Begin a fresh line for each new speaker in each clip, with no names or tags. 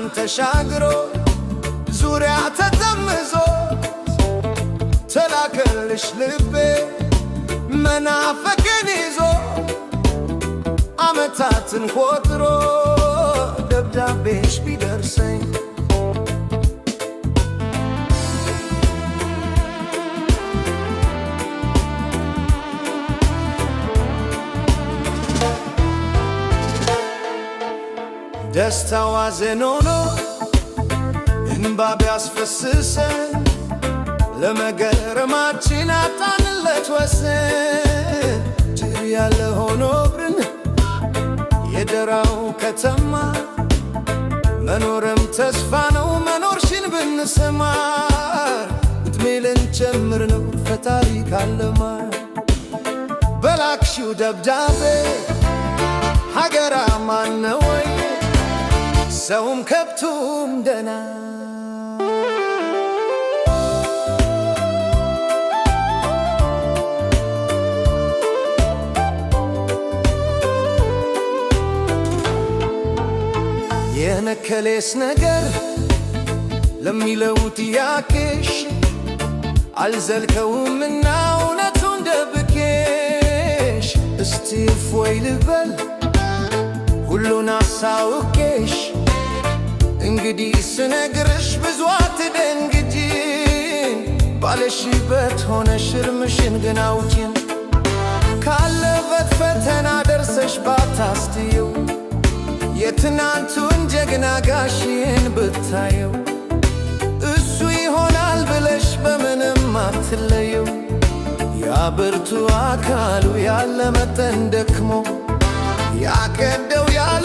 ዘመን ተሻግሮ ዙሪያ ተጠምዞ ተላከልሽ ልቤ መናፈቅን ይዞ ዓመታትን ቆጥሮ ደስታው ሐዘን ሆኖ እንባ ቢያስፈስሰን ለመገረማችን አጣንለት ወሰን ድል ያለ ሆኖ የደራው ከተማ መኖርም ተስፋ ነው መኖርሽን ብንሰማ ዕድሜ ልንጨምር ነው ፈጣሪ ካለማር በላክሽው ደብዳቤ ሀገራ ማነወይ ሰውም ከብቱም ደና የነከሌስ ነገር ለሚለው ጥያቄሽ አልዘልከውምና እውነቱን ደብቄሽ እስቲ እፎይ ልበል ሁሉን አሳውቄሽ እንግዲህ ስነግርሽ ብዙ አትደንግጂ ባለሽበት ሆነ ሽርምሽን ግን አውጪን ካለበት ፈተና ደርሰሽ ባታስትየው የትናንቱን ጀግና ጋሽን ብታየው እሱ ይሆናል ብለሽ በምንም አትለየው ያብርቱ አካሉ ያለ መጠን ደክሞ ያቀደው ያለ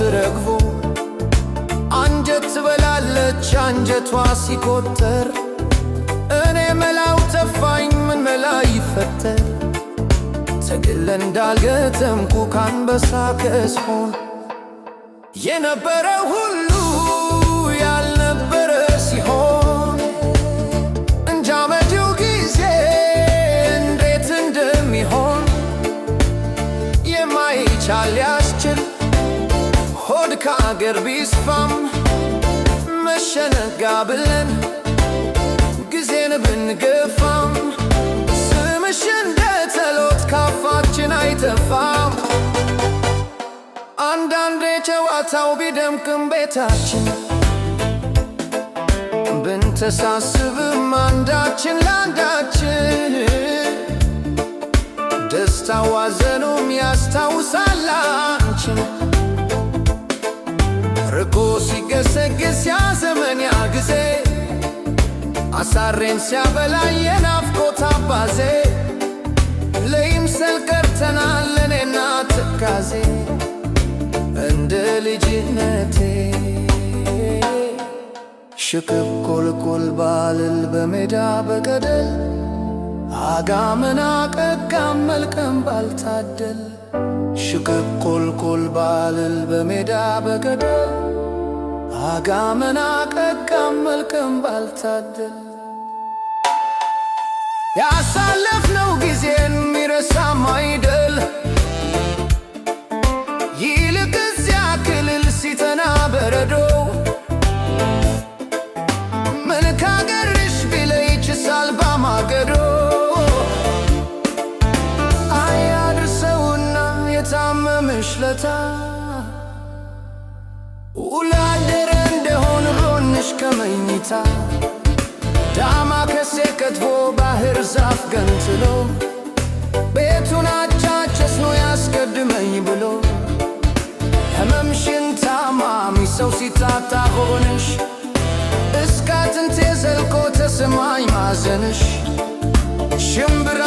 ስረግቡ አንጀት ትበላለች አንጀቷ ሲቆጠር እኔ መላው ተፋኝ ምን መላ ይፈተር ትግል እንዳልገጠምኩ ካንበሳ ከስሆን የነበረ ሁሉ ከአገር ቢስፋም መሸነጋ ብለን ጊዜን ብንገፋም ስምሽ እንደ ጸሎት ካፋችን አይተፋም አንዳንዴ ጨዋታው ቢደምቅም ቤታችን ብንተሳስብም አንዳችን ለአንዳችን ደስታው ሐዘኑም ያስታውሳል አንቺን ሲገሰግስ ያ ዘመን ያ ጊዜ አሳሬን ሲያበላኝ የናፍቆት አባዜ ለይምሰል ቀርተናል ትካዜ እንደ ልጅነቴ ሽክብ ባልል በሜዳ በገደል አጋመና ቀጋም መልቀም ባልታደል ሽክብ ባልል በሜዳ በገደል አጋመን አቀቃም መልከም ባልታደል ያሳለፍነው ጊዜን የሚረሳ አይደል ይልቅ እዚያ ክልል ሲተና በረዶው ምን ካገርሽ ቢለይች ሳልባ ማገዶ አያድርሰውና የታመምሽ ለታ ሁኔታ ዳማ ከሴ ከትፎ ባህር ዛፍ ገንትሎ ቤቱን አቻቸስኖ ያስቀድመኝ ብሎ ህመምሽን ታማሚ ሰው ሲታታ ሆንሽ እስከ አጥንቴ ዘልቆ ተሰማኝ ማዘንሽ ሽምብራ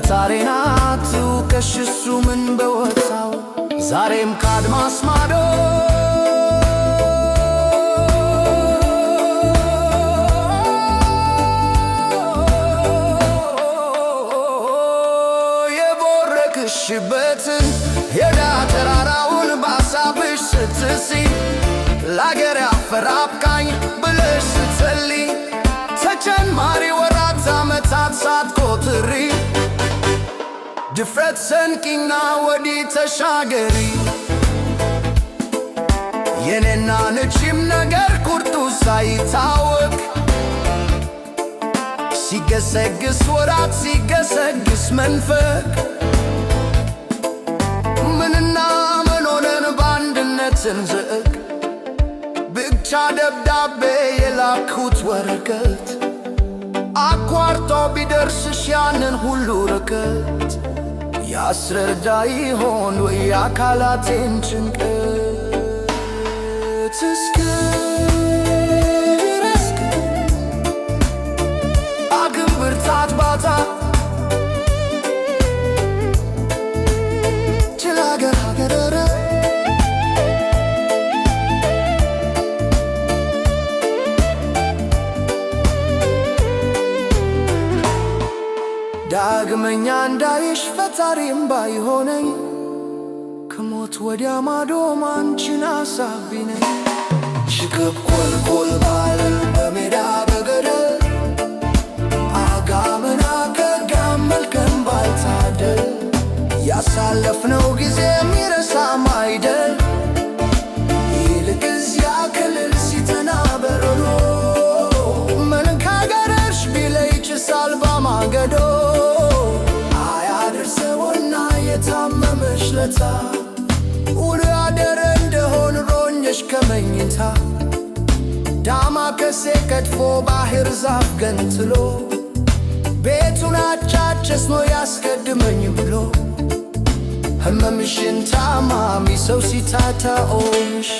ፈጣሪና ትውቀሽ እሱ ምን በወጣው ዛሬም ካድማስ ማዶ የቦረክሽበትን የዳ ተራራውን ባሳብሽ ስትሲ ላገር ያፈራብቃኝ ብለሽ ስትጸሊ ተጨማሪ ወራት ዓመታት ሳት ድፍረት ሰንቂና ወዲህ ተሻገሪ የኔና ንችም ነገር ቁርጡ ሳይታወቅ ሲገሰግስ ወራት ሲገሰግስ መንፈቅ ምንና ምን ሆነን በአንድነት ብቻ ደብዳቤ የላኩት ወረቀት አቋርጦ ቢደርስሽ ያንን ሁሉ ርቀት ያስረዳ ይሆን ወይ አካላቴን ጭንቀት እስከ አግም ብርታት ባታ ችላገር ዳግመኛ እንዳይሽ ዛሬም ባይሆነኝ ከሞት ወዲያ ማዶ ማንችን አሳቢ ነኝ ሽቅብ ኮልኮል ባል በሜዳ በገደል አጋምና ከጋመልከን ባልታደል ያሳለፍነው ጊዜ ስመታ ውሎ ያደረ እንደሆን ሮኘሽ ከመኝታ ዳማ ከሴ ከድፎ ባህር ዛፍ ገንትሎ ቤቱን አጫጭስ ነው ያስቀድመኝ ብሎ ህመምሽን ታማሚ ሰው ሲታታኦሽ